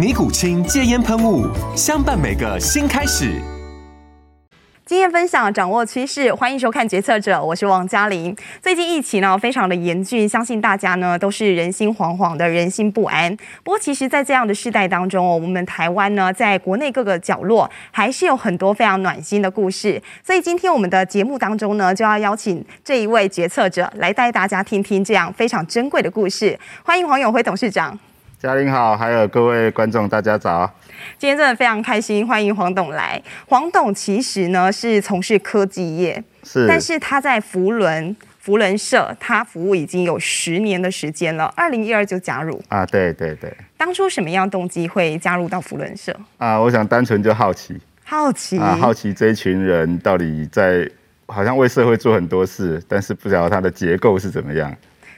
尼古清戒菸噴霧，相伴每個新開始。經驗分享，掌握趨勢。歡迎收看《決策者》，我是王嘉玲。最近疫情呢非常的嚴峻，相信大家呢都是人心惶惶的，人心不安。不過，其實，在這樣的世代當中，我們台灣呢，在國內各個角落，還是有很多非常暖心的故事。所以，今天我們的節目當中呢，就要邀請這一位決策者來帶大家聽聽這樣非常珍貴的故事。歡迎黃永輝董事長。嘉玲好，還有各位觀眾，大家早。今天真的非常開心，歡迎黃董來。黃董其實呢是從事科技業，是，但是他在扶輪扶輪社，他服務已經有十年的時間了，二零一二就加入啊，對對對。當初什麼樣的動機會加入到扶輪社啊？我想單純就好奇，好奇啊，好奇這一群人到底在好像為社會做很多事，但是不知道他的結構是怎麼樣。啊，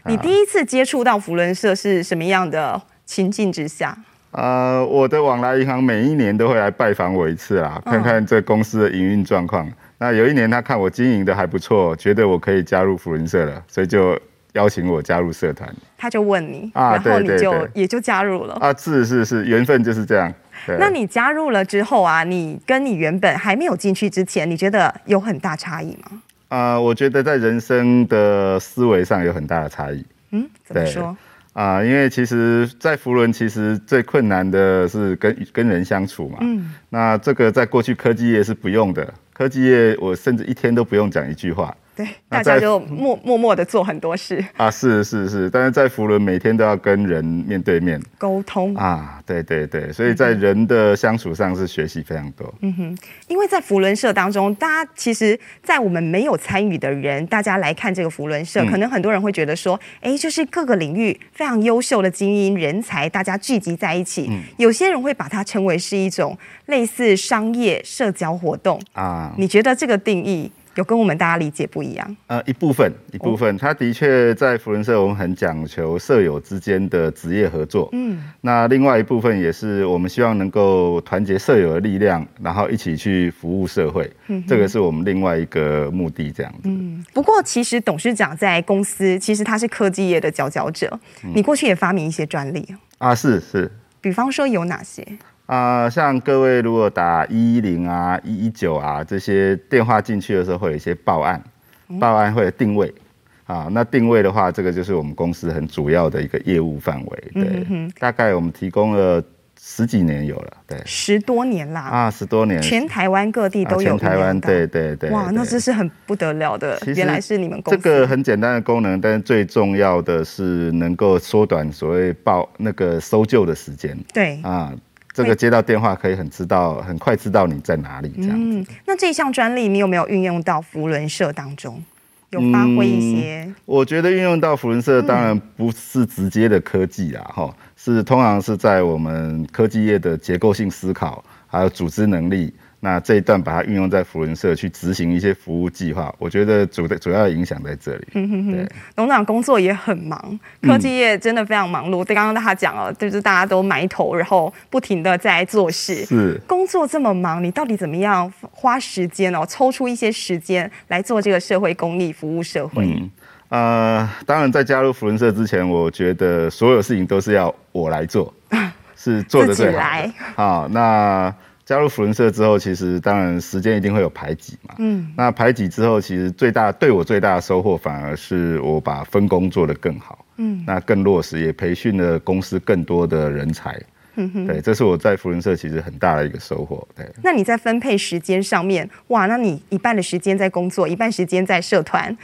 你第一次接觸到扶輪社是什麼樣的？情境之下，呃，我的往來銀行每一年都會來拜訪我一次啊，看看這公司的營運狀況。哦、那有一年，他看我經營的還不錯，覺得我可以加入扶輪社了，所以就邀請我加入社團。他就問你、啊、然後你就對對對也就加入了啊，是是是，緣分就是這樣對。那你加入了之後啊，你跟你原本還沒有進去之前，你覺得有很大差異嗎？啊、呃，我覺得在人生的思維上有很大的差異。嗯，怎麼說？啊，因為其實，在扶輪其實最困難的是跟跟人相處嘛，嗯。那這個在過去科技業是不用的，科技業我甚至一天都不用講一句話。對，大家就默默默的做很多事啊，是是是，但是在扶輪每天都要跟人面對面溝通啊，對對對，所以在人的相處上是學習非常多。嗯哼，因為在扶輪社當中，大家其實，在我們沒有參與的人，大家來看這個扶輪社，可能很多人會覺得說，哎、嗯，就是各個領域非常優秀的精英人才，大家聚集在一起，嗯，有些人會把它稱為是一種類似商業社交活動啊，嗯。你覺得這個定義？有跟我們大家理解不一樣，呃，一部分一部分，他的確在扶輪社，我們很講求社友之間的職業合作，嗯，那另外一部分也是我們希望能夠團結社友的力量，然後一起去服務社會，嗯，這個是我們另外一個目的這樣子。嗯，不過其實董事長在公司，其實他是科技業的佼佼者，你過去也發明一些專利，嗯，啊，是是，比方說有哪些？啊、呃，像各位如果打一一零啊、一一九啊這些電話進去的時候，會有一些報案，報案會有定位，嗯。啊，那定位的話，這個就是我們公司很主要的一個業務範圍。對、嗯哼哼，大概我們提供了十幾年有了，對，十多年啦啊，十多年，全台灣各地都有。啊、全台灣，對，對對對，哇，那這是很不得了的。原來是你們公司，這個很簡單的功能，但是最重要的是能夠縮短所謂報那個搜救的時間。對啊。這個接到電話可以很知道，很快知道你在哪裡這樣、嗯、那這一項專利你有沒有運用到扶輪社當中，有發揮一些、嗯？我覺得運用到扶輪社當然不是直接的科技啊，哈、嗯，是通常是在我們科技業的結構性思考，還有組織能力。那這一段把它運用在扶輪社，去執行一些服務計劃，我覺得主的主要影響在這裡。嗯、哼哼對，董事長工作也很忙，科技業真的非常忙碌。剛、嗯、剛他講了，就是大家都埋頭，然後不停的在做事。是工作這麼忙，你到底怎麼樣花時間哦，抽出一些時間來做這個社會公益服務社會、嗯？呃，當然在加入扶輪社之前，我覺得所有事情都是要我來做， 是做得的最來好那。加入扶輪社之後，其實當然時間一定會有排擠嘛。嗯，那排擠之後，其實最大，對我最大的收穫，反而是我把分工做得更好。嗯，那更落實，也培訓了公司更多的人才。嗯哼，對，這是我在扶輪社其實很大的一個收穫。對，那你在分配時間上面，哇，那你一半的時間在工作，一半時間在社團，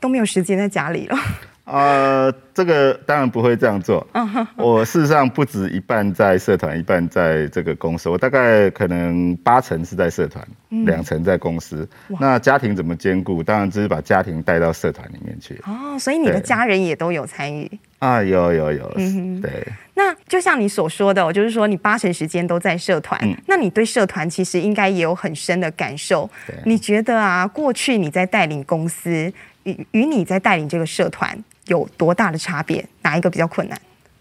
都沒有時間在家裡了。 啊、呃，這個當然不會這樣做。哦、呵呵。我事實上不止一半在社團，一半在這個公司。我大概可能八成是在社團，嗯、兩成在公司。那家庭怎麼兼顧？當然只是把家庭帶到社團裡面去。哦，所以你的家人也都有參與啊？有有有。嗯哼，對。那就像你所說的，我就是說你八成時間都在社團，嗯。那你對社團其實應該也有很深的感受。對。你覺得啊，過去你在帶領公司，與與你在帶領這個社團？有多大的差別？哪一個比較困難？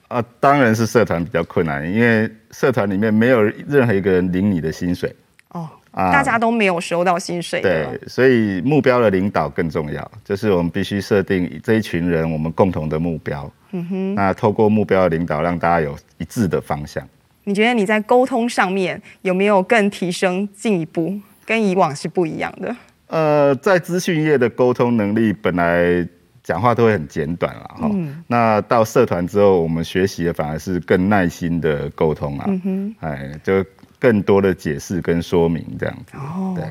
啊、呃，當然是社團比較困難，因為社團裡面沒有任何一個人領你的薪水。哦、呃、大家都沒有收到薪水。對，所以目標的領導更重要，就是我們必須設定這一群人我們共同的目標。嗯哼，那透過目標的領導，讓大家有一致的方向。你覺得你在溝通上面有沒有更提升進一步？跟以往是不一樣的。呃，在資訊業的溝通能力本來。講話都會很簡短啦。哈、嗯。那到社團之後，我們學習的反而是更耐心的溝通啊，哎、嗯，就更多的解釋跟說明這樣子，哦、對。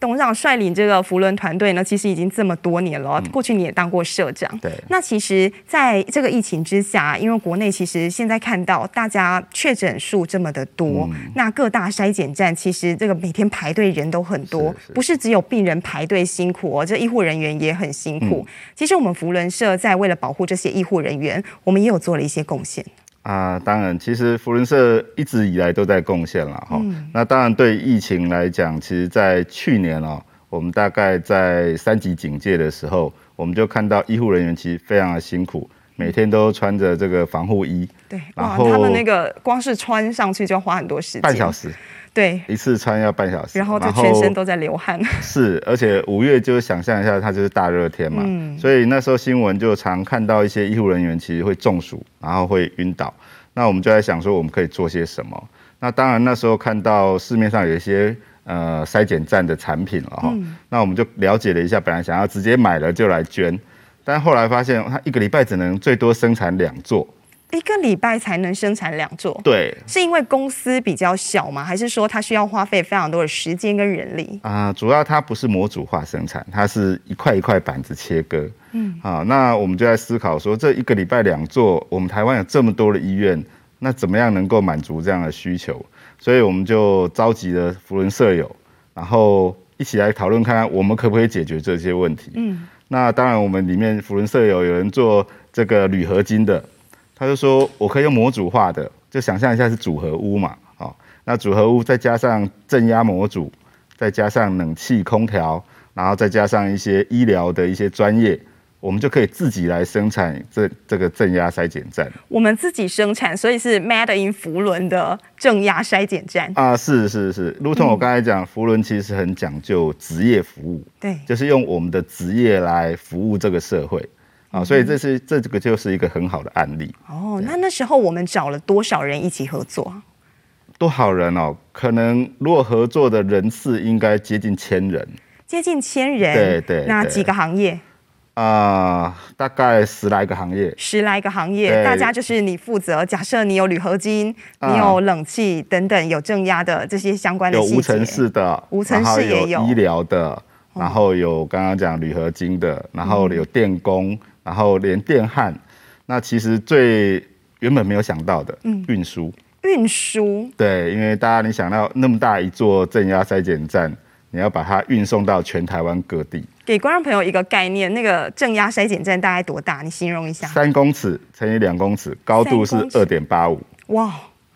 董事長率領這個扶輪團隊呢，其實已經這麼多年了。過去你也當過社長。嗯、對。那其實，在這個疫情之下，因為國內其實現在看到大家確診數這麼的多，嗯、那各大篩檢站其實這個每天排隊人都很多，是，是不是只有病人排隊辛苦哦，這個、醫護人員也很辛苦。嗯、其實我們扶輪社在為了保護這些醫護人員，我們也有做了一些貢獻。啊，當然，其實扶輪社一直以來都在貢獻了哈。那當然，對於疫情來講，其實，在去年哦、喔，我們大概在三級警戒的時候，我們就看到醫護人員其實非常的辛苦。每天都穿着這個防護衣，對，然後他們那個光是穿上去就要花很多時間，半小時，對，一次穿要半小時，然後就全身都在流汗。是，而且五月就想象一下，它就是大熱天嘛，嗯，所以那時候新聞就常看到一些醫護人員其實會中暑，然後會暈倒。那我們就在想說，我們可以做些什麼？那當然那時候看到市面上有一些呃，篩檢站的產品了，哦，哈，嗯，那我們就了解了一下，本來想要直接買了就來捐。但後來發現，他一個禮拜只能最多生產兩座，一個禮拜才能生產兩座。對，是因為公司比較小嗎？還是說它需要花費非常多的時間跟人力？啊、呃，主要它不是模組化生產，它是一塊一塊板子切割。嗯，啊，那我們就在思考說，這一個禮拜兩座，我們台灣有這麼多的醫院，那怎麼樣能夠滿足這樣的需求？所以我們就召集了扶輪社友，然後一起來討論看看我們可不可以解決這些問題？嗯。那當然，我們裡面扶輪社有有人做這個鋁合金的，他就說，我可以用模組化的，就想象一下是組合屋嘛，啊，那組合屋再加上鎮壓模組，再加上冷氣空調，然後再加上一些醫療的一些專業。我們就可以自己來生產這這個正壓篩檢站。我們自己生產，所以是 Made in 扶輪的正壓篩檢站。啊，是是是，如同我剛才講、嗯，扶輪其實很講究職業服務，對，就是用我們的職業來服務這個社會啊，所以這是、嗯、這個就是一個很好的案例。哦，那那時候我們找了多少人一起合作？多少人哦？可能如果合作的人次應該接近千人，接近千人。對對，對，那幾個行業。啊、呃，大概十來個行業，十來個行業，大家就是你負責。假設你有鋁合金、呃，你有冷氣等等，有正壓的這些相關的，有無塵室的，無塵室也有，有醫療的，然後有剛剛講鋁合金的、嗯，然後有電工，然後連電焊。那其實最原本沒有想到的，嗯，運輸，運輸，對，因為大家你想到那麼大一座正壓篩檢站。你要把它運送到全台灣各地，給觀眾朋友一個概念，那個正壓篩檢站大概多大？你形容一下。三公尺乘以兩公尺，高度是二點八五。哇！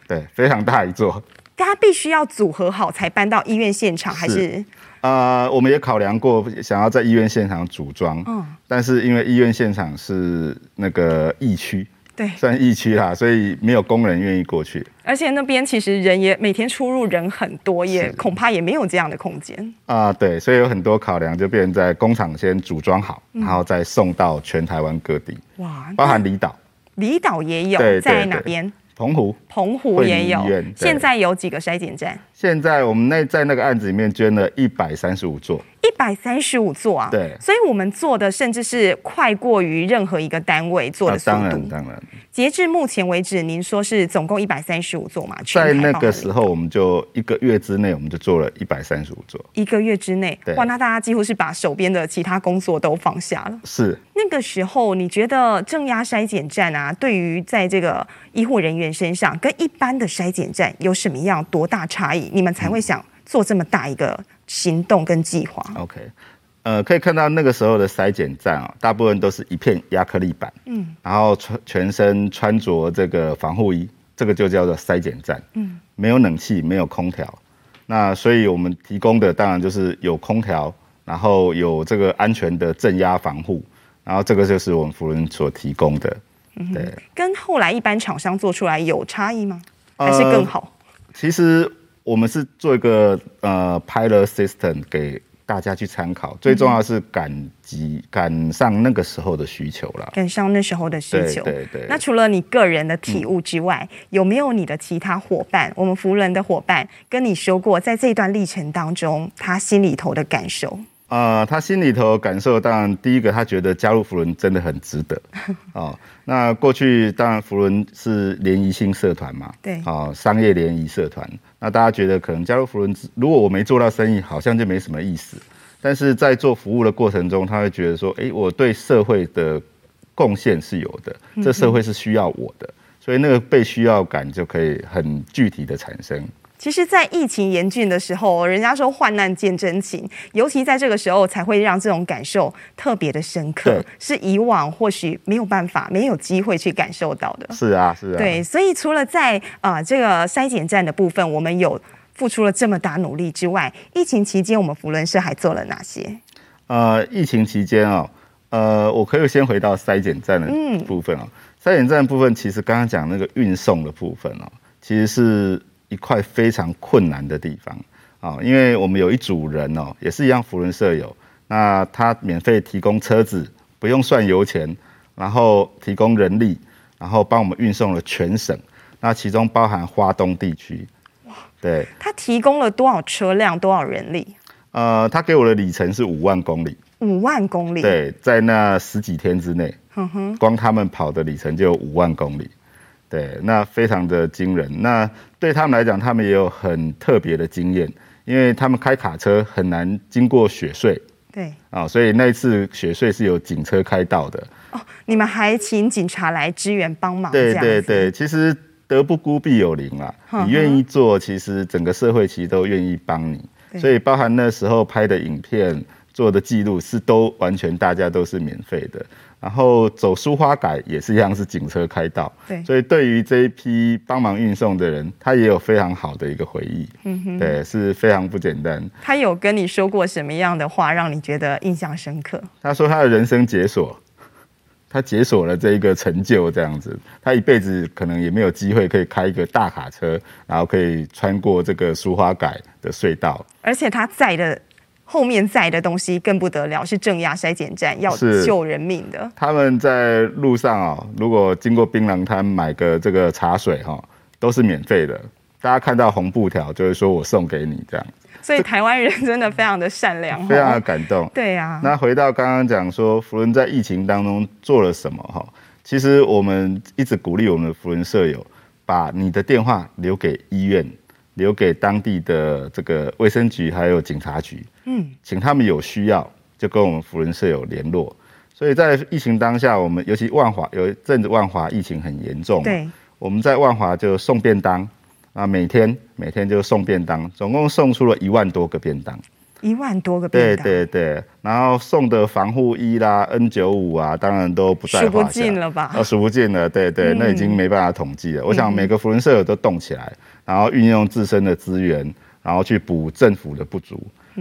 對，非常大一座。大家必須要組合好才搬到醫院現場，還是？是呃，我們也考量過，想要在醫院現場組裝。嗯。但是因為醫院現場是那個疫區。算疫區，所以沒有工人願意過去，而且那邊其實人也每天出入人很多，也恐怕也沒有這樣的空間啊、呃。對，所以有很多考量，就變成在工廠先組裝好、嗯，然後再送到全台灣各地。哇，包含離島，離島也有，在哪邊？澎湖，澎湖也有。現在有幾個篩檢站？現在我們那在那個案子裡面捐了一百三十五座。一百三十五座啊！對，所以我們做的甚至是快過於任何一個單位做的速度。啊、當然，當然。截至目前為止，您說是總共一百三十五座嘛？在那個時候，我們就一個月之內，我們就做了一百三十五座。一個月之內對，哇！那大家幾乎是把手邊的其他工作都放下了。是。那個時候，你覺得正壓篩檢站啊，對於在這個醫護人員身上，跟一般的篩檢站有什麼樣多大差異？你們才會想？嗯做這麼大一個行動跟計劃，OK，呃，可以看到那個時候的篩檢站啊，大部分都是一片壓克力板，嗯，然後穿全身穿着這個防護衣，這個就叫做篩檢站，嗯，沒有冷氣，沒有空調，那所以我們提供的當然就是有空調，然後有這個安全的正壓防護，然後這個就是我們扶輪所提供的，嗯、對，跟後來一般廠商做出來有差異嗎？還是更好？呃、其實。我們是做一個呃 pilot system 給大家去參考，最重要是趕及趕、嗯、上那個時候的需求了。趕上那時候的需求，對對，對。那除了你個人的體悟之外，嗯、有沒有你的其他夥伴？我們扶輪的夥伴跟你說過，在這段歷程當中，他心裡頭的感受？呃，他心裡頭感受，當然第一個他覺得加入扶輪真的很值得。 哦，那過去當然扶輪是聯誼性社團嘛，對，哦，商業聯誼社團。那大家覺得可能加入扶輪社，如果我沒做到生意，好像就沒什麼意思。但是在做服務的過程中，他會覺得說：“哎、欸，我對社會的貢獻是有的，這社會是需要我的，所以那個被需要感就可以很具體的產生。”其實，在疫情嚴峻的時候，人家說患難見真情，尤其在這個時候，才會讓這種感受特別的深刻，是以往或許沒有辦法、沒有機會去感受到的。是啊，是啊。對，所以除了在啊、呃、這個篩檢站的部分，我們有付出了這麼大努力之外，疫情期間我們扶輪社還做了哪些？呃，疫情期間啊，呃，我可以先回到篩檢站的部分啊。篩、嗯、檢站的部分，其實剛剛講那個運送的部分哦，其實是。一塊非常困難的地方啊，因為我們有一組人哦，也是一樣扶輪社友，那他免費提供車子，不用算油錢，然後提供人力，然後幫我們運送了全省，那其中包含花東地區。哇，對，他提供了多少車輛，多少人力？呃，他給我的里程是五萬公里，五萬公里，對，在那十幾天之內，嗯哼，光他們跑的里程就有五萬公里。對，那非常的驚人。那對他們來講，他們也有很特別的經驗，因為他們開卡車很難經過雪隧。對啊、哦，所以那一次雪隧是有警車開道的、哦。你們還請警察來支援幫忙。對對對，其實德不孤必有鄰啊。 你願意做，其實整個社會其實都願意幫你。所以，包含那時候拍的影片、做的記錄，是都完全大家都是免費的。然後走蘇花改也是一樣，是警車開道。對，所以對於這一批幫忙運送的人，他也有非常好的一個回憶。嗯哼，對，是非常不簡單。他有跟你說過什麼樣的話，讓你覺得印象深刻？他說他的人生解鎖，他解鎖了這一個成就，這樣子，他一輩子可能也沒有機會可以開一個大卡車，然後可以穿過這個蘇花改的隧道。而且他載的。後面載的東西更不得了，是正壓篩檢站，要救人命的。他們在路上啊、哦，如果經過檳榔攤買個這個茶水、哦，哈，都是免費的。大家看到紅布條，就會說我送給你這樣。所以台灣人真的非常的善良、哦，非常的感動。對呀、啊。那回到剛剛講說，扶輪在疫情當中做了什麼？哈，其實我們一直鼓勵我們的扶輪社友，把你的電話留給醫院。留給當地的這個衛生局還有警察局，嗯，請他們有需要就跟我們扶輪社有聯絡。所以在疫情當下，我們尤其萬華有一陣子萬華疫情很嚴重，對，我們在萬華就送便當，啊，每天每天就送便當，總共送出了一萬多個便當，一萬多個，對對對，然後送的防護衣啦、N95 啊，當然都不在話下，數不盡了吧？呃、哦，數不盡了對對，對、嗯，那已經沒辦法統計了、嗯。我想每個扶輪社友都動起來，然後運用自身的資源，然後去補政府的不足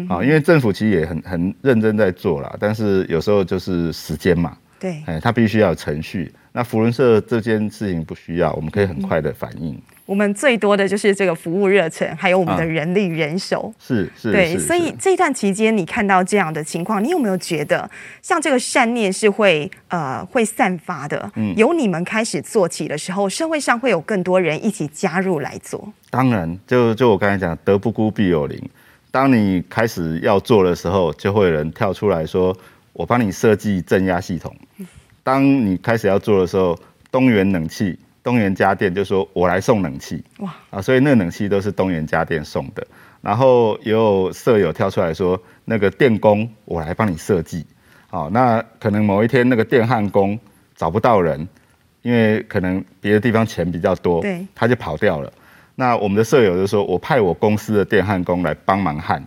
啊、嗯。因為政府其實也很很認真在做啦，但是有時候就是時間嘛，對，它他必須要有程序。那扶輪社這件事情不需要，我們可以很快的反應。嗯我們最多的就是這個服務熱忱，還有我們的人力人手。啊、是是，對，所以這一段期間你看到這樣的情況，你有沒有覺得像這個善念是會呃會散發的？嗯，由你們開始做起的時候，社會上會有更多人一起加入來做。當然，就就我剛才講，德不孤必有鄰。當你開始要做的時候，就會有人跳出來說：“我幫你設計鎮壓系統。”當你開始要做的時候，東元冷氣。東元家電就說：“我來送冷氣。”哇！啊，所以那個冷氣都是東元家電送的。然後也有社友跳出來說：“那個電工，我來幫你設計。哦”好，那可能某一天那個電焊工找不到人，因為可能別的地方錢比較多，對，他就跑掉了。那我們的社友就說：“我派我公司的電焊工來幫忙焊。”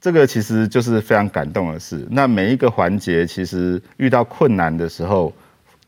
這個其實就是非常感動的事。那每一個環節，其實遇到困難的時候。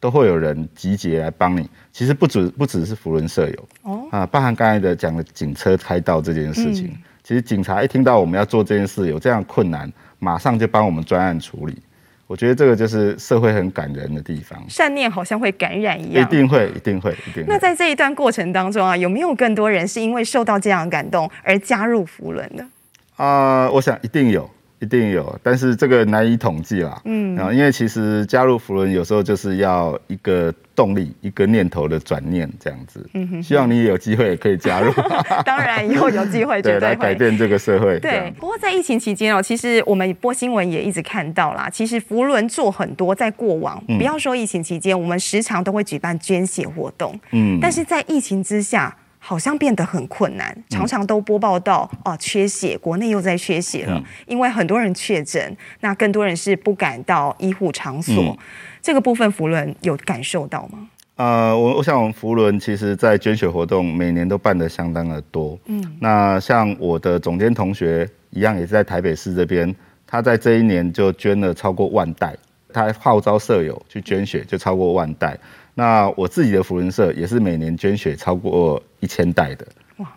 都會有人集結來幫你。其實不止不只是扶輪社友哦啊，包含剛才的講的警車開道這件事情，嗯，其實警察一聽到我們要做這件事，有這樣困難，馬上就幫我們專案處理。我覺得這個就是社會很感人的地方，善念好像會感染一樣，一定會一定會一定會。那在這一段過程當中啊，有沒有更多人是因為受到這樣感動而加入扶輪的？啊、呃，我想一定有。一定有，但是這個難以統計啦。嗯，然後因為其實加入扶輪有時候就是要一個動力、一個念頭的轉念這樣子。嗯哼，哼，希望你也有機會可以加入。 當然，以後有機會絕對會。對，來改變這個社會。對，不過在疫情期間哦，其實我們播新聞也一直看到啦。其實扶輪做很多，在過往、嗯、不要說疫情期間，我們時常都會舉辦捐血活動。嗯，但是在疫情之下。好像變得很困難，常常都播報到哦、啊，缺血，國內又在缺血了，因為很多人確診，那更多人是不敢到醫護場所、嗯，這個部分扶輪有感受到嗎？呃，我我想，我們扶輪其實在捐血活動每年都辦得相當的多，嗯，那像我的總監同學一樣，也是在台北市這邊，他在這一年就捐了超過萬袋，他還號召社友去捐血，就超過萬袋。那我自己的扶輪社也是每年捐血超過一千袋的。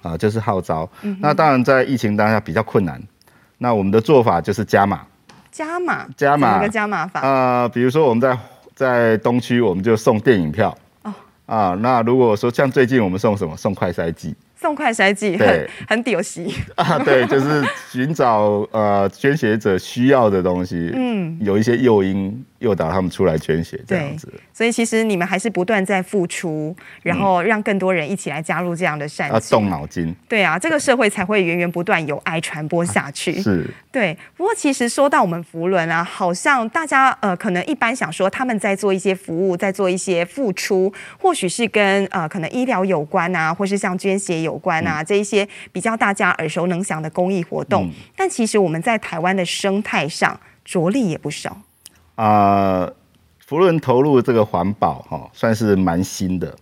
啊、呃，就是號召、嗯。那當然在疫情當下比較困難，那我們的做法就是加碼，加碼，加碼，加碼法、呃。比如說我們在在東區，我們就送電影票。哦，啊、呃，那如果說像最近我們送什麼？送快篩劑，送快篩劑對，很屌絲啊，對，就是尋找呃捐血者需要的東西，嗯，有一些誘因。誘導他們出來捐血，這樣子。所以其實你們還是不斷在付出，然後讓更多人一起來加入這樣的善。他、嗯、動腦筋。對啊，這個社會才會源源不斷有愛傳播下去、啊。是，對。不過其實說到我們扶輪啊，好像大家呃，可能一般想說他們在做一些服務，在做一些付出，或許是跟呃可能醫療有關啊，或是像捐血有關啊，嗯、這一些比較大家耳熟能詳的公益活動、嗯。但其實我們在台灣的生態上着力也不少。啊、呃，扶輪投入這個環保哈、哦，算是蠻新的。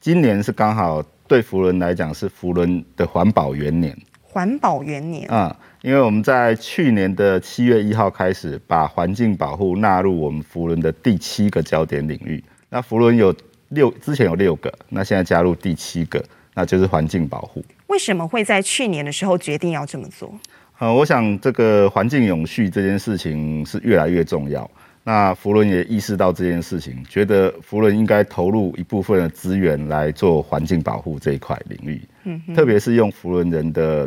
今年是剛好對扶輪來講是扶輪的環保元年。環保元年啊、嗯，因為我們在去年的七月一號開始把環境保護納入我們扶輪的第七個焦點領域。那扶輪有六，之前有六個，那現在加入第七個，那就是環境保護。為什麼會在去年的時候決定要這麼做？呃，我想這個環境永續這件事情是越來越重要。那扶輪也意識到這件事情，覺得扶輪應該投入一部分的資源來做環境保護這一塊領域，嗯，特別是用扶輪人的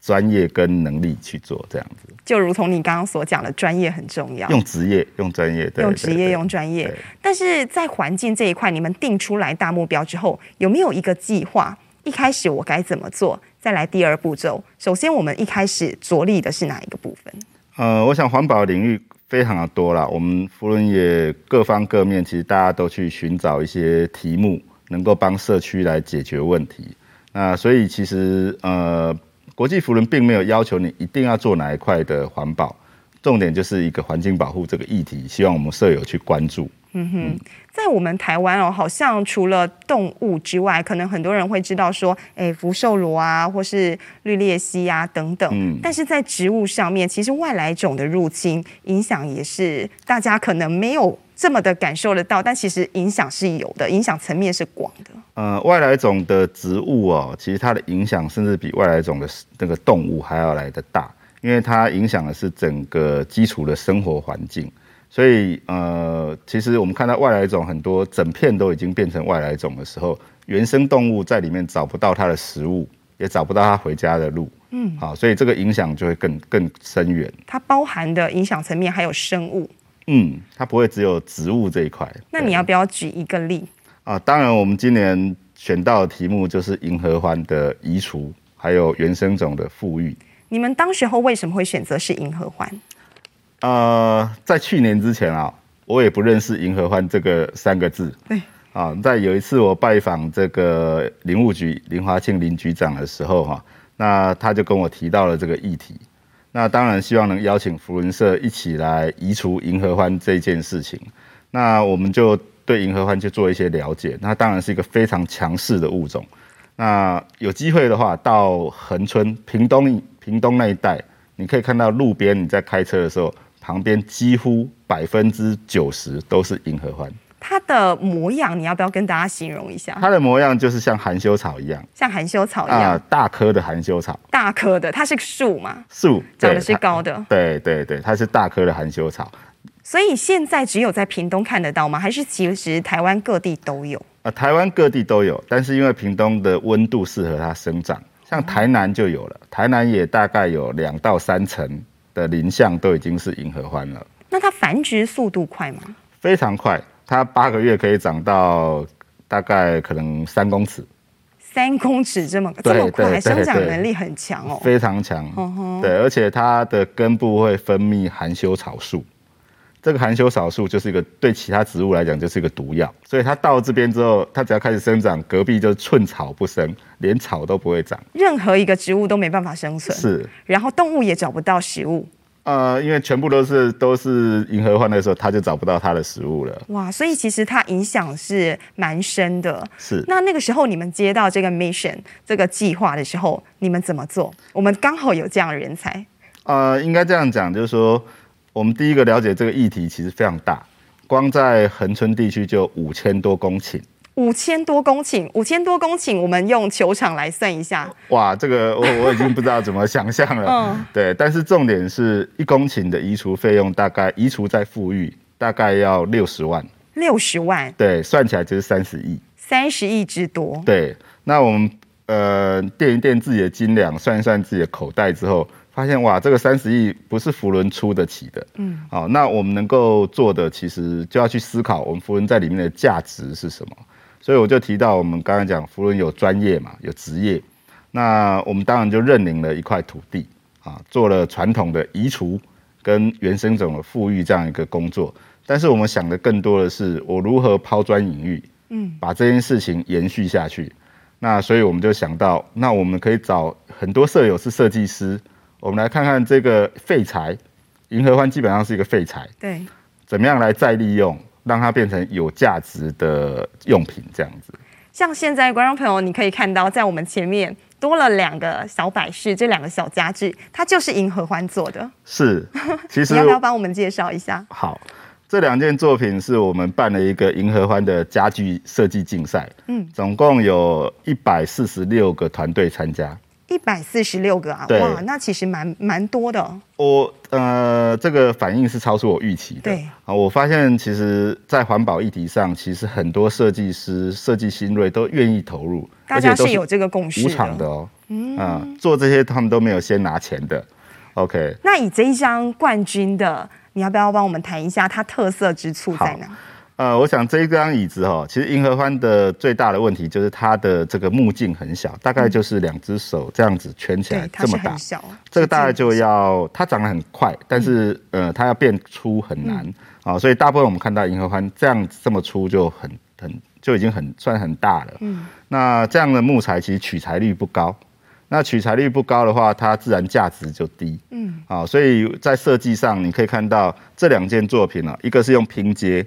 專業跟能力去做這樣子。就如同你剛剛所講的專業很重要，用職業用專業，用職業對，用專業，對對對，用專業。但是在環境這一塊，你們定出來大目標之後，有沒有一個計劃？一開始我該怎麼做？再來第二步驟。首先，我們一開始着力的是哪一個部分？呃，我想環保領域。非常的多啦，我們扶輪，也各方各面，其實大家都去尋找一些題目，能夠幫社區來解決問題。那所以其實呃，國際扶輪並沒有要求你一定要做哪一塊的環保，重點就是一個環境保護這個議題，希望我們社友去關注。嗯哼，在我們台灣哦，好像除了動物之外，可能很多人會知道說，哎、欸，福壽螺啊，或是綠鬣蜥啊等等、嗯。但是在植物上面，其實外來種的入侵影響也是大家可能沒有這麼的感受得到，但其實影響是有的，影響層面是廣的。呃，外來種的植物哦，其實它的影響甚至比外來種的那個動物還要來得大，因為它影響的是整個基礎的生活環境。所以，呃，其實我們看到外來種很多整片都已經變成外來種的時候，原生動物在裡面找不到它的食物，也找不到它回家的路。嗯，好、啊，所以這個影響就會更更深遠。它包含的影響層面還有生物，嗯，它不會只有植物這一塊。那你要不要舉一個例、嗯、啊？當然，我們今年選到的題目就是銀合歡的移除，還有原生種的復育。你們當時候為什麼會選擇是銀合歡？呃，在去年之前啊，我也不認識“銀合歡”這個三個字。對。啊，在有一次我拜訪這個林務局林華慶林局長的時候哈、啊，那他就跟我提到了這個議題。那當然希望能邀請扶輪社一起來移除“銀合歡”這件事情。那我們就對“銀合歡”去做一些了解。那當然是一個非常強勢的物種。那有機會的話，到恆春、屏東、屏東那一帶，你可以看到路邊你在開車的時候。旁邊幾乎百分之九十都是銀合歡，它的模樣你要不要跟大家形容一下？它的模樣就是像含羞草一樣，像含羞草一樣，啊、大棵的含羞草，大棵的，它是樹嘛，樹長的是高的，對對對，它是大棵的含羞草。所以現在只有在屏東看得到嗎？還是其實台灣各地都有？啊，台灣各地都有，但是因為屏東的溫度適合它生長，像台南就有了，嗯、台南也大概有兩到三層。的林相都已經是銀合歡了。那它繁殖速度快嗎？非常快，它八個月可以長到大概可能三公尺。三公尺這麼這麼快，還生長能力很強哦，對對對非常強，嗯。對，而且它的根部會分泌含羞草素。這個含羞少數，就是一個對其他植物來講就是一個毒藥，所以它到這邊之後，它只要開始生長，隔壁就寸草不生，連草都不會長，任何一個植物都沒辦法生存。是，然後動物也找不到食物。呃，因為全部都是都是銀合歡的時候，它就找不到它的食物了。哇，所以其實它影響是蠻深的。是。那那個時候你們接到這個 mission 這個計劃的時候，你們怎麼做？我們剛好有這樣的人才。呃，應該這樣講，就是說。我們第一個了解這個議題其實非常大，光在恆春地區就五千多公頃。五千多公頃，五千多公頃，我們用球場來算一下。哇，這個我我已經不知道怎麼想象了。 嗯。對，但是重點是一公頃的移除費用大概移除在富裕大概要六十萬。六十萬。對，算起來就是三十億。三十億之多。對，那我們呃掂一掂自己的斤兩，算一算自己的口袋之後。發現哇，這個三十億不是扶輪出得起的。嗯，好、啊，那我們能夠做的，其實就要去思考，我們扶輪在裡面的價值是什麼？所以我就提到，我們剛剛講扶輪有專業嘛，有職業。那我們當然就認領了一塊土地啊，做了傳統的移除跟原生種的復育，這樣一個工作。但是我們想的更多的是，我如何拋磚引玉，嗯，把這件事情延續下去。那所以我們就想到，那我們可以找很多社友是設計師。我們來看看這個廢材，銀合歡基本上是一個廢材。對，怎麼樣來再利用，讓它變成有價值的用品？這樣子。像現在觀眾朋友，你可以看到在我們前面多了兩個小擺飾，這兩個小家具，它就是銀合歡做的。是，其實 你要不要幫我們介紹一下？好，這兩件作品是我們辦了一個銀合歡的家具設計競賽，嗯，總共有一百四十六個團隊參加。一百四十六個啊，哇，那其實蠻蠻多的。我呃，這個反應是超出我預期的。啊，我發現其實，在環保議題上，其實很多設計師、設計新銳都願意投入，大家都是有這個共識的，無償的哦。嗯啊、嗯，做這些他們都沒有先拿錢的。OK，那以這一張冠軍的，你要不要幫我們談一下它特色之處在哪？呃，我想這一張椅子哦，其實銀合歡的最大的問題就是它的這個木徑很小，大概就是兩隻手這樣子圈起來這麼大，這個大概就要它長得很快，但是呃，它要變粗很難啊、嗯哦，所以大部分我們看到銀合歡這樣這麼粗就很很就已經很算很大了。嗯，那這樣的木材其實取材率不高，那取材率不高的話，它自然價值就低。嗯，哦、所以在設計上你可以看到這兩件作品呢，一個是用拼接。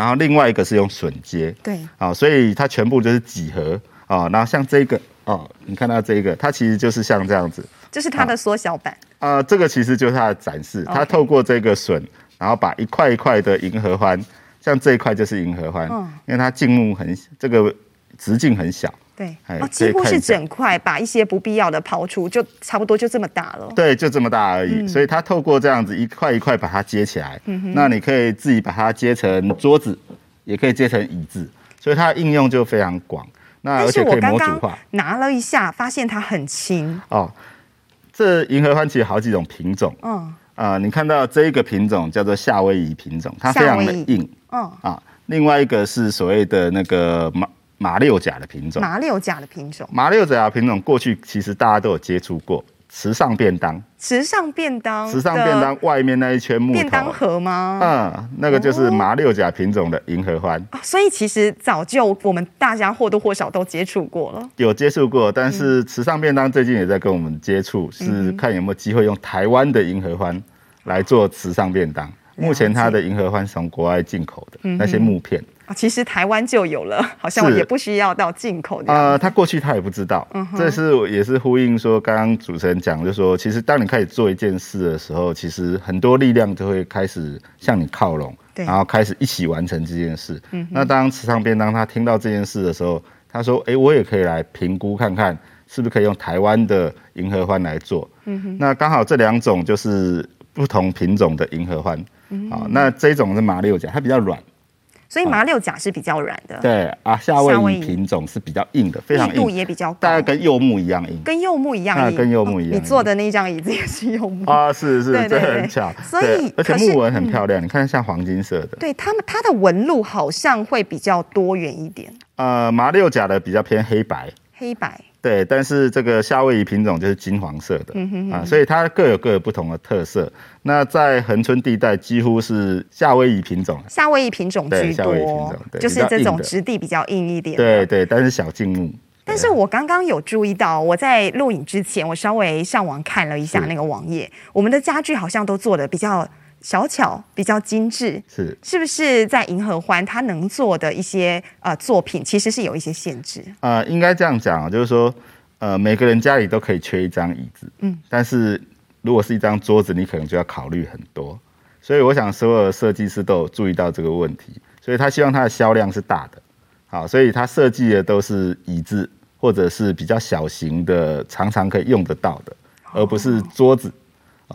然後另外一個是用榫接，對，啊、哦，所以它全部就是幾何啊、哦。然後像這個啊、哦，你看它這個，它其實就是像這樣子，就是它的縮小版啊、哦呃。這個其實就是它的展示，它透過這個榫，然後把一塊一塊的銀合歡，像這一塊就是銀合歡，哦、因為它徑木很，這個直徑很小。對，幾乎是整塊，把一些不必要的刨除，就差不多就這麼大了。對，就這麼大而已。嗯、所以它透過這樣子一塊一塊把它接起來、嗯，那你可以自己把它接成桌子，也可以接成椅子，所以它的應用就非常廣。那而且可以模組化。剛剛拿了一下，發現它很輕。哦，這銀合歡有好幾種品種。嗯、哦、啊、呃，你看到這一個品種叫做夏威夷品種，它非常的硬。嗯啊、哦，另外一個是所謂的那個馬。馬六甲的品種，馬六甲的品種，馬六甲的品種過去其實大家都有接觸過。池上便當，池上便當，池上便當外面那一圈木片便當盒嗎？嗯，那個就是馬六甲品種的銀合歡，哦。所以其實早就我們大家或多或少都接觸過了，有接觸過。但是池上便當最近也在跟我們接觸，嗯，是看有沒有機會用台灣的銀合歡來做池上便當。目前它的銀合歡是從國外進口的，嗯、那些木片。啊、其實台灣就有了，好像也不需要到進口。呃，他過去他也不知道，嗯、這是也是呼應說剛剛主持人講，就說其實當你開始做一件事的時候，其實很多力量就會開始向你靠攏，然後開始一起完成這件事。嗯，那當慈尚邊當他聽到這件事的時候，他說：“哎、欸，我也可以來評估看看，是不是可以用台灣的銀合歡來做？”嗯，那剛好這兩種就是不同品種的銀合歡。好、嗯哦，那這一種是馬六甲，它比較軟。所以麻六甲是比較軟的，嗯、對啊，夏威夷品種是比較硬的，非常硬度也比較高，大概跟柚木一樣硬，跟柚木一樣硬，跟柚木一樣、哦哦。你坐的那一張椅子也是柚木啊，是是，對，對，對，很巧。所以而且木紋很漂亮、嗯，你看像黃金色的，對，它們它的紋路好像會比較多元一點。呃，麻六甲的比較偏黑白，黑白。對，但是這個夏威夷品種就是金黃色的、嗯、哼哼啊，所以它各有各有不同的特色。那在恆春地帶，幾乎是夏威夷品種，夏威夷品種居多，對對就是這種質地比較硬一點的。對的對，對，但是小徑木。但是我剛剛有注意到，我在錄影之前，我稍微上網看了一下那個網頁，我們的家具好像都做的比較。小巧比較精緻，是是不是在銀合歡？他能做的一些呃作品，其實是有一些限制。呃，應該這樣講啊，就是說呃每個人家裡都可以缺一張椅子，嗯，但是如果是一張桌子，你可能就要考慮很多。所以我想所有設計師都有注意到這個問題，所以他希望它的銷量是大的，好，所以他設計的都是椅子或者是比較小型的，常常可以用得到的，而不是桌子。哦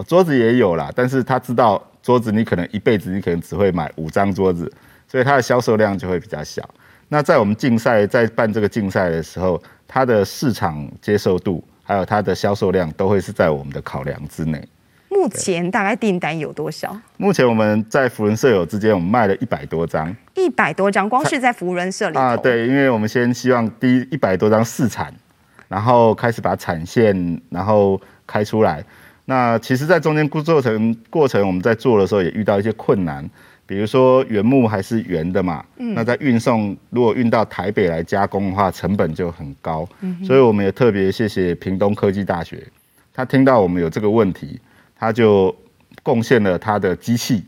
桌子也有啦，但是他知道桌子你可能一輩子你可能只會買五張桌子，所以它的銷售量就會比較小。那在我們競賽在辦這個競賽的時候，它的市場接受度還有它的銷售量都會是在我們的考量之內。目前大概訂單有多少？目前我們在扶輪社友之間，我們賣了一百多張，一百多張光是在扶輪社裡啊，對，因為我們先希望第一一百多張試產，然後開始把產線然後開出來。那其實，在中間過成過程，我們在做的時候也遇到一些困難，比如說原木還是圓的嘛，嗯、那在運送如果運到台北來加工的話，成本就很高，嗯、所以我們也特別謝謝屏東科技大學，他聽到我們有這個問題，他就貢獻了他的機器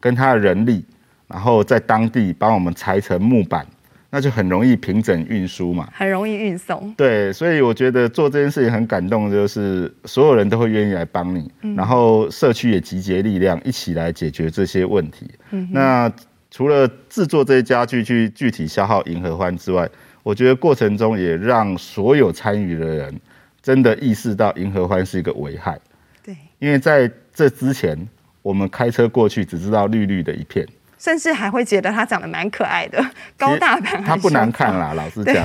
跟他的人力，然後在當地幫我們裁成木板。那就很容易平整運輸嘛，很容易運送。對，所以我覺得做這件事情很感動，就是所有人都會願意來幫你、嗯，然後社區也集結力量一起來解決這些問題。嗯、那除了製作這些家具去具體消耗銀合歡之外，我覺得過程中也讓所有參與的人真的意識到銀合歡是一個危害。對，因為在這之前，我們開車過去只知道綠綠的一片。甚至還會覺得它長得蠻可愛的，高大版。它不難看啦， 老實講。對，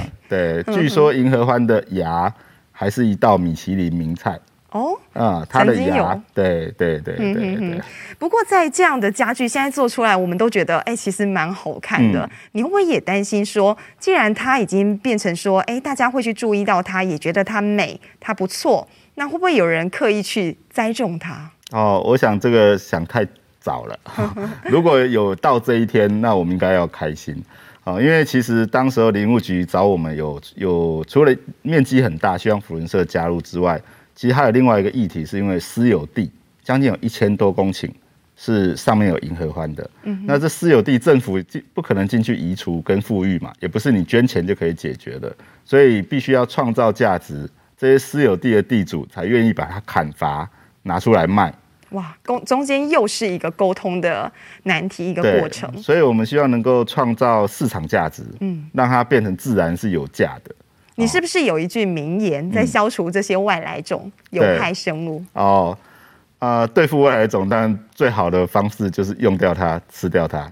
對嗯、據說銀合歡的芽還是一道米其林名菜。哦。啊、呃，它的芽。對對對嗯嗯嗯對、啊。不過在這樣的家具現在做出來，我們都覺得哎、欸，其實蠻好看的、嗯。你會不會也擔心說，既然它已經變成說，哎、欸，大家會去注意到它，也覺得它美，它不錯，那會不會有人刻意去栽種它？哦，我想這個想太。少了，如果有到這一天，那我們應該要開心。啊，因為其實當時候林務局找我們有有除了面積很大，希望扶輪社加入之外，其實還有另外一個議題，是因為私有地將近有一千多公頃，是上面有銀合歡的、嗯。那這私有地政府不可能進去移除跟復育嘛，也不是你捐錢就可以解決的，所以必須要創造價值，這些私有地的地主才願意把它砍伐拿出來賣。哇，溝中間又是一個溝通的難題，一個過程。所以我們希望能夠創造市場價值，嗯，讓它變成自然是有價的。你是不是有一句名言，哦，在消除這些外來種，嗯，有害生物？哦，呃，對付外來種，當然最好的方式就是用掉它，吃掉它。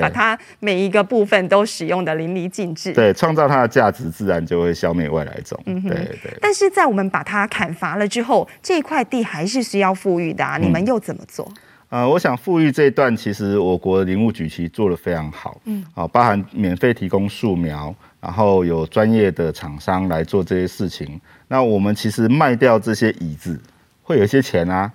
把它每一個部分都使用的淋漓盡致，對，創造它的價值，自然就會消滅外來種。嗯、對對對。但是在我們把它砍伐了之後，這塊地還是需要復育的、啊，你們又怎麼做？嗯、呃，我想復育這一段，其實我國的林務局其實做的非常好，嗯，啊，包含免費提供樹苗，然後有專業的廠商來做這些事情。那我們其實賣掉這些椅子，會有一些錢啊。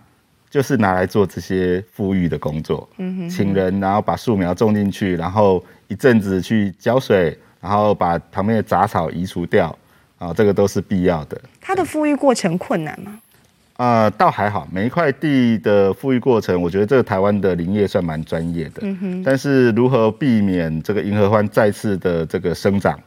就是拿來做這些復育的工作，請人，然後把樹苗種進去，然後一陣子去澆水，然後把旁邊的雜草移除掉，啊，這個都是必要的。它的復育過程困難嗎？啊、呃，倒還好，每一塊地的復育過程，我覺得這個台灣的林業算蠻專業的、嗯哼，但是如何避免這個銀合歡再次的這個生長，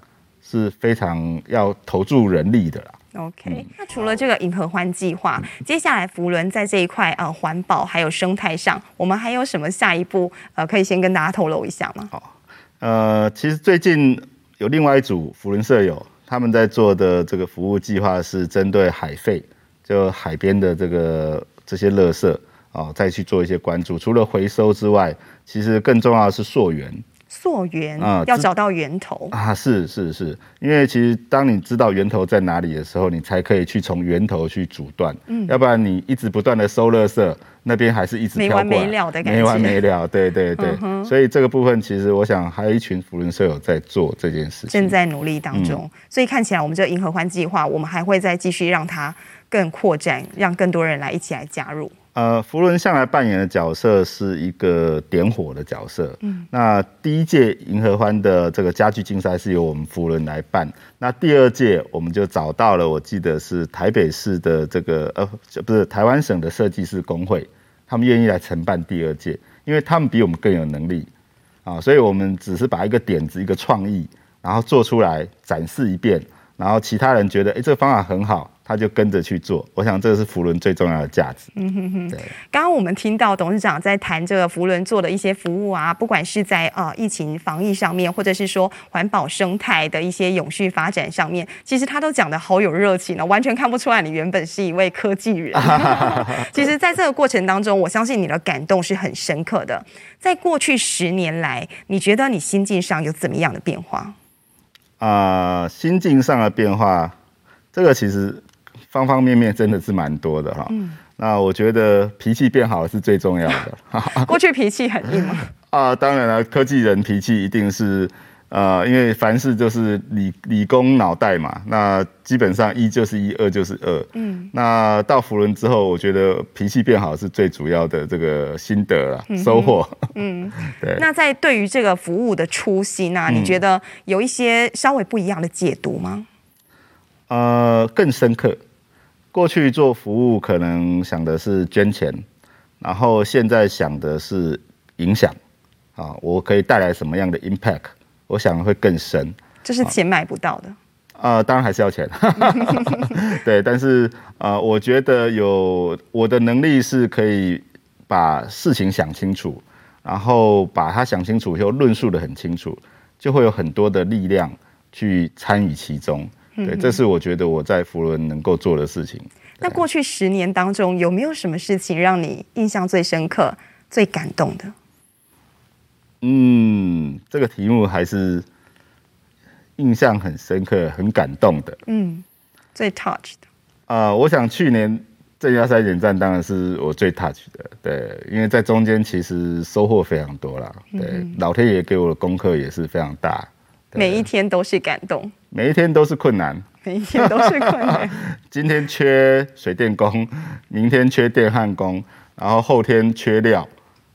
是非常要投注人力的啦。OK，、嗯、那除了這個銀合歡計劃，接下來扶輪在這一塊啊，環、呃、保還有生態上，我們還有什麼下一步呃可以先跟大家透露一下嗎？好，呃，其實最近有另外一組扶輪社友，他們在做的這個服務計劃是針對海廢，就海邊的這個這些垃圾啊、哦，再去做一些關注。除了回收之外，其實更重要的是溯源。溯源、啊，要找到源頭啊！是是是，因為其實當你知道源頭在哪裡的時候，你才可以去從源頭去阻斷。嗯、要不然你一直不斷的收垃圾，那邊還是一直沒完沒了的感覺，沒完沒了。對對對、嗯，所以這個部分其實我想還有一群扶輪社友在做這件事情，正在努力當中、嗯。所以看起來我們這個銀合歡計劃，我們還會再繼續讓它更擴展，讓更多人來一起來加入。呃，扶輪向來扮演的角色是一個點火的角色。嗯，那第一屆銀合歡的這個家具競賽是由我們扶輪來辦。那第二屆我們就找到了，我記得是台北市的這個呃，不是台灣省的設計師工會，他們願意來承辦第二屆，因為他們比我們更有能力啊，所以我們只是把一個點子、一個創意，然後做出來展示一遍，然後其他人覺得，哎、欸，這個方法很好。他就跟着去做，我想這是扶輪最重要的價值。嗯哼哼，對。剛剛我們聽到董事長在談這個扶輪做的一些服務啊，不管是在啊、呃、疫情防疫上面，或者是說環保生態的一些永續發展上面，其實他都講得好有熱情啊，完全看不出來你原本是一位科技人。 其實在這個過程當中，我相信你的感動是很深刻的。在過去十年來，你覺得你心境上有怎麼樣的變化？啊、呃，心境上的變化，這個其實。方方面面真的是蠻多的哈、嗯，那我覺得脾氣變好是最重要的。 過去脾氣很硬嗎？啊、呃，當然了，科技人脾氣一定是，呃，因為凡事就是理理工腦袋嘛，那基本上一就是一，二就是二。嗯，那到扶輪之後，我覺得脾氣變好是最主要的這個心得啦、嗯、收穫。嗯， 對。那在對於這個服務的初心、啊，那你覺得有一些稍微不一樣的解讀嗎？嗯、呃，更深刻。過去做服務可能想的是捐錢，然後現在想的是影響，啊，我可以帶來什麼樣的 impact？我想會更深。這是錢買不到的。啊、呃，當然還是要錢。 對，但是啊、呃，我覺得有我的能力是可以把事情想清楚，然後把它想清楚又論述得很清楚，就會有很多的力量去參與其中。對，這是我覺得我在扶輪能夠做的事情。那過去十年當中，有沒有什麼事情讓你印象最深刻、最感動的？嗯，這個題目還是印象很深刻、很感動的。嗯，最 touched 的。啊、呃，我想去年正佳山點站當然是我最 touched 的，對，因為在中間其實收穫非常多啦。對，嗯、老天爺給我的功課也是非常大。每一天都是感動，每一天都是困難，每一天都是困難。 今天缺水電工，明天缺電焊工，然後後天缺料，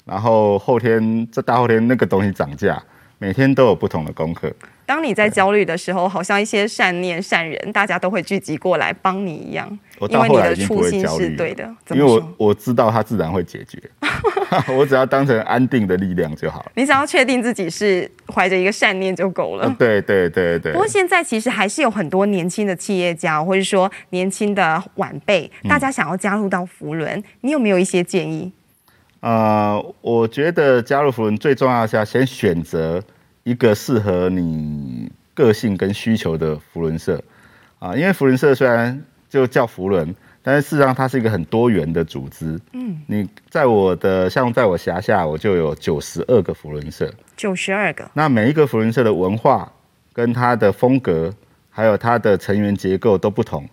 然後後天這大後天那個東西漲價。每天都有不同的功課。當你在焦慮的時候，好像一些善念、善人，大家都會聚集過來幫你一樣，因為你的初心是對的。因為我我知道它自然會解決。 我只要當成安定的力量就好了。你只要確定自己是懷着一個善念就夠了。哦、對，對對對對。不過現在其實還是有很多年輕的企業家，或者說年輕的晚輩、嗯，大家想要加入到扶輪，你有沒有一些建議？呃，我覺得加入扶輪，最重要的是要先選擇一個適合你個性跟需求的扶輪社啊、呃，因為扶輪社雖然就叫扶輪，但是事實上它是一個很多元的組織。嗯，你在我的，像在我轄下，我就有九十二個扶輪社，九十二個。那每一個扶輪社的文化、跟它的風格，還有它的成員結構都不同，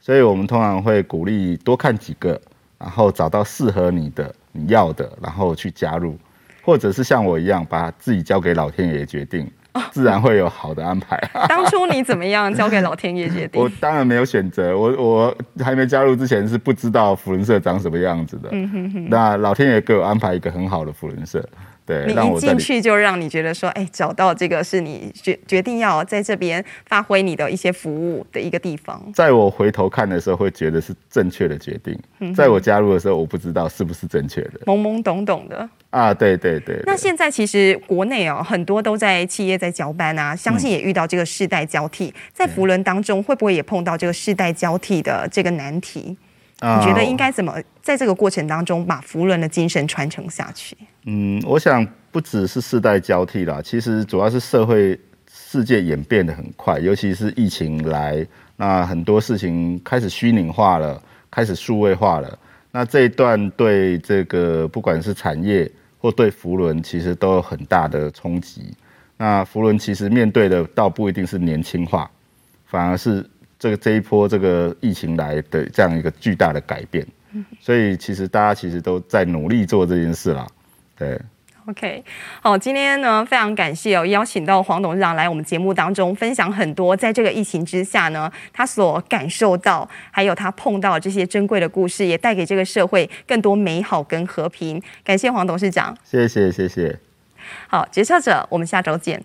所以我們通常會鼓勵多看幾個，然後找到適合你的。你要的，然後去加入，或者是像我一樣把自己交給老天爺決定、哦，自然會有好的安排。當初你怎麼樣交給老天爺決定？ 我當然沒有選擇，我我還沒加入之前是不知道扶輪社長什麼樣子的。嗯、哼哼，那老天爺給我安排一個很好的扶輪社。對，你一進去就讓你覺得說，哎、欸，找到這個是你決決定要在這邊發揮你的一些服務的一個地方。在我回頭看的時候，會覺得是正確的決定，嗯。在我加入的時候，我不知道是不是正確的，懵懵懂懂的。啊，對，對對對。那現在其實國內哦，很多都在企業在交班啊，相信也遇到這個世代交替。嗯、在扶輪當中，會不會也碰到這個世代交替的這個難題？你覺得應該怎麼在這個過程當中把扶輪的精神傳承下去？嗯，我想不只是世代交替啦，其實主要是社會世界演變得很快，尤其是疫情來，那很多事情開始虛擬化了，開始數位化了。那這一段對這個不管是產業或對扶輪，其實都有很大的衝擊。那扶輪其實面對的倒不一定是年輕化，反而是。這個這一波這個疫情來的這樣一個巨大的改變，所以其實大家其實都在努力做這件事啦，對。OK，好，今天呢非常感謝、哦、邀請到黃董事長來我們節目當中分享很多在這個疫情之下呢，他所感受到還有他碰到的這些珍貴的故事，也帶給這個社會更多美好跟和平。感謝黃董事長，謝謝謝謝。好，決策者，我們下週見。